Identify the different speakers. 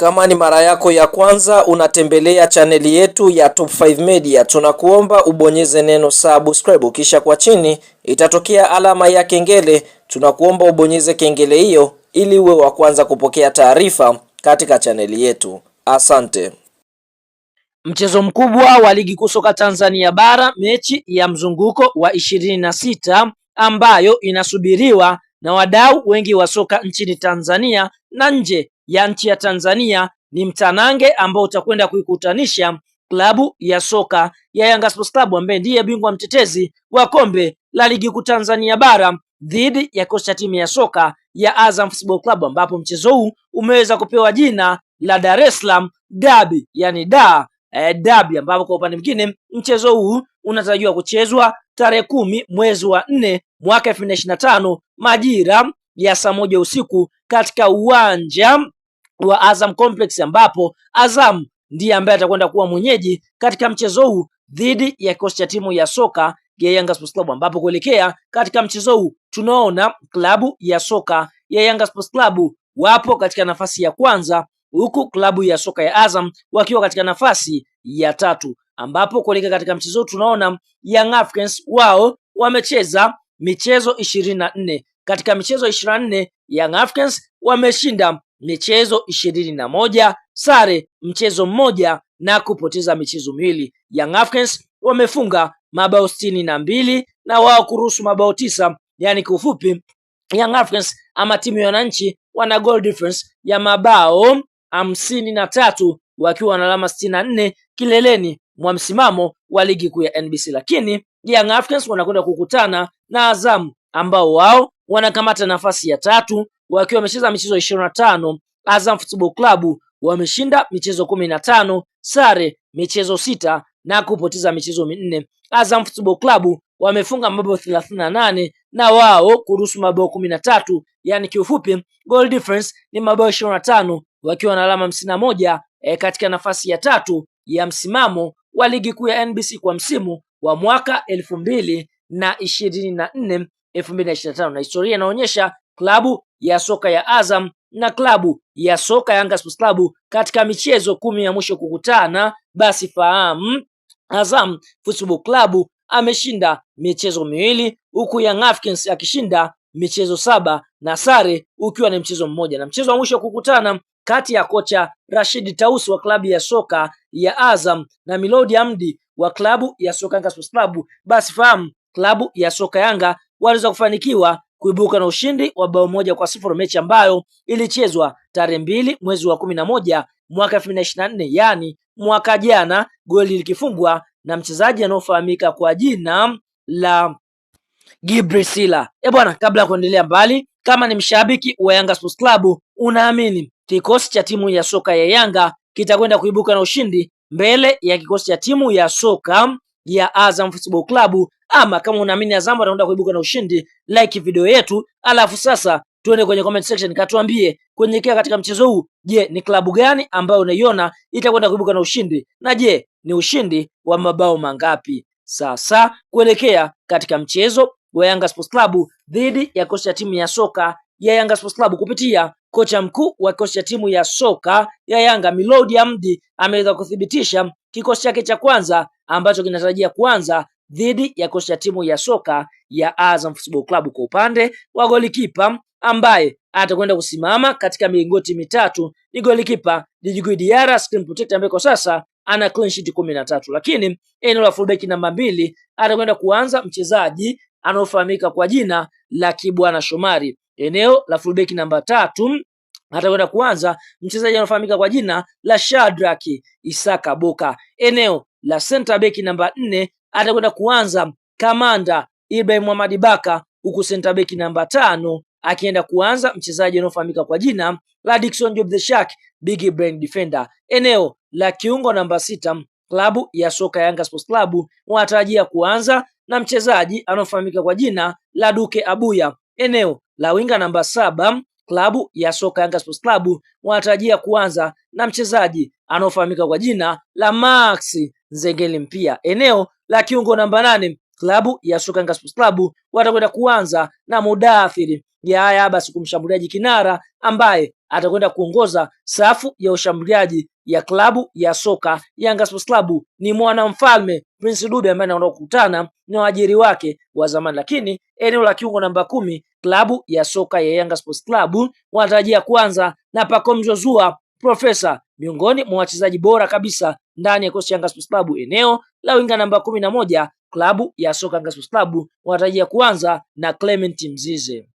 Speaker 1: Kama ni mara yako ya kwanza unatembelea chaneli yetu ya Top 5 Media, tunakuomba ubonyeze neno subscribe, kisha kwa chini itatokea alama ya kengele. Tunakuomba ubonyeze kengele hiyo ili uwe wa kwanza kupokea taarifa katika chaneli yetu. Asante.
Speaker 2: Mchezo mkubwa wa ligi kuu soka Tanzania bara, mechi ya mzunguko wa ishirini na sita ambayo inasubiriwa na wadau wengi wa soka nchini Tanzania na nje ya nchi ya Tanzania ni mtanange ambao utakwenda kuikutanisha klabu ya soka ya Yanga Sports Club ambaye ndiye bingwa mtetezi wa kombe la ligi kuu Tanzania bara dhidi ya kocha timu ya soka ya Azam Football Club ambapo mchezo huu umeweza kupewa jina la Dar es Salaam Derby, yani da eh, dabi ambapo kwa upande mwingine mchezo huu unatarajiwa kuchezwa tarehe kumi mwezi wa nne mwaka elfu mbili na ishirini na tano majira ya saa moja usiku katika uwanja wa Azam Complex ambapo Azam ndiye ambaye atakwenda kuwa mwenyeji katika mchezo huu dhidi ya kikosi cha timu ya soka ya Yanga Sports Club, ambapo kuelekea katika mchezo huu tunaona klabu ya soka ya Yanga Sports Club wapo katika nafasi ya kwanza, huku klabu ya soka ya Azam wakiwa katika nafasi ya tatu, ambapo kuelekea katika mchezo huu tunaona Young Africans wao wamecheza michezo ishirini na nne katika michezo ishirini na nne Young Africans wameshinda michezo ishirini na moja sare mchezo mmoja na kupoteza michezo miwili. Young Africans wamefunga mabao sitini na mbili na wao kuruhusu mabao tisa. Yani kiufupi, Young Africans ama timu ya wananchi wana goal difference ya mabao hamsini na tatu wakiwa na alama sitini na nne kileleni mwa msimamo wa ligi kuu ya NBC, lakini Young Africans wanakwenda kukutana na Azam ambao wao wanakamata nafasi ya tatu wakiwa wamecheza michezo ishirini na tano. Azam Football Club wameshinda michezo kumi na tano, sare michezo sita na kupoteza michezo minne. Azam Football Club wamefunga mabao thelathini na nane na wao kuruhusu mabao kumi na tatu, yaani kiufupi goal difference ni mabao ishirini na tano wakiwa na alama hamsini na moja e, katika nafasi ya tatu ya msimamo wa ligi kuu ya NBC kwa msimu wa mwaka elfu mbili na ishirini na nne 2025 na historia inaonyesha klabu ya soka ya Azam na klabu ya soka ya Yanga Sports Club katika michezo kumi ya mwisho kukutana, basi fahamu Azam Football Club ameshinda michezo miwili huku Young Africans akishinda michezo saba na sare ukiwa ni mchezo mmoja, na mchezo wa mwisho kukutana kati ya kocha Rashid Tausi wa klabu ya soka ya Azam na Milodi amdi wa klabu ya soka Yanga Sports Club, basi fahamu klabu ya soka Yanga waliweza kufanikiwa kuibuka na ushindi wa bao moja kwa sifuri mechi ambayo ilichezwa tarehe mbili mwezi wa kumi na moja mwaka elfu mbili na ishirini na nne yaani mwaka jana, goli likifungwa na mchezaji anaofahamika kwa jina la Gibrisila. E bwana, kabla ya kuendelea mbali, kama ni mshabiki wa Yanga Sports Club, unaamini kikosi cha timu ya soka ya Yanga kitakwenda kuibuka na ushindi mbele ya kikosi cha timu ya soka ya Azam Football Club ama kama unaamini Azam ataenda kuibuka na ushindi, like video yetu, alafu sasa tuende kwenye comment section, katuambie kwenye kia katika mchezo huu, je, ni klabu gani ambayo unaiona itakwenda kuibuka na ushindi, na je ni ushindi wa mabao mangapi? Sasa kuelekea katika mchezo wa Yanga Sports Club dhidi ya kocha ya timu ya soka ya Yanga Sports Club kupitia kocha mkuu wa kikosi cha timu ya soka ya Yanga Miloud Hamdi ameweza kuthibitisha kikosi chake cha kwanza ambacho kinatarajia kuanza dhidi ya kocha timu ya soka ya Azam Football Club kwa upande wa golikipa ambaye atakwenda kusimama katika milingoti mitatu ni golikipa Djigui Diarra screen protector ambaye kwa sasa ana clean sheet kumi na tatu, lakini eneo la fullback namba mbili atakwenda kuanza mchezaji anaofahamika kwa jina la Kibwana Shomari. Eneo la fullback namba tatu atakwenda kuanza mchezaji anaofahamika kwa jina la Shadrack Isaka Boka. Eneo la center back namba nne atakwenda kuanza kamanda Ibrahim Hamadi Baka, huku senta beki namba tano akienda kuanza mchezaji anaofahamika kwa jina la Dickson Job the Shark, big brain defender. Eneo la kiungo namba sita, klabu ya soka Yanga Sports Club wanatarajia kuanza na mchezaji anaofahamika kwa jina la Duke Abuya. Eneo la winga namba saba, klabu ya soka Yanga Sports Club wanatarajia kuanza na mchezaji anaofahamika kwa jina la Max Nzengeli Mpia. Eneo la kiungo namba nane klabu ya Sokanga Sports Club watakwenda kuanza na mudaathiri haya basi kumshambuliaji kinara ambaye atakwenda kuongoza safu ya ushambuliaji ya klabu ya soka Yanga Sports Club. Ni mwanamfalme Prince Dube ambaye anaenda kukutana na waajiri wake wa zamani, lakini eneo la kiungo namba kumi klabu ya soka ya Yanga Sports Club wanatarajia kuanza na Pacome Zouzoua Profesa miongoni mwa wachezaji bora kabisa ndani ya kikosi cha Yanga Sports Club eneo la winga namba kumi na moja klabu ya soka Yanga Sports Club wanatarajia kuanza na Clement Mzize.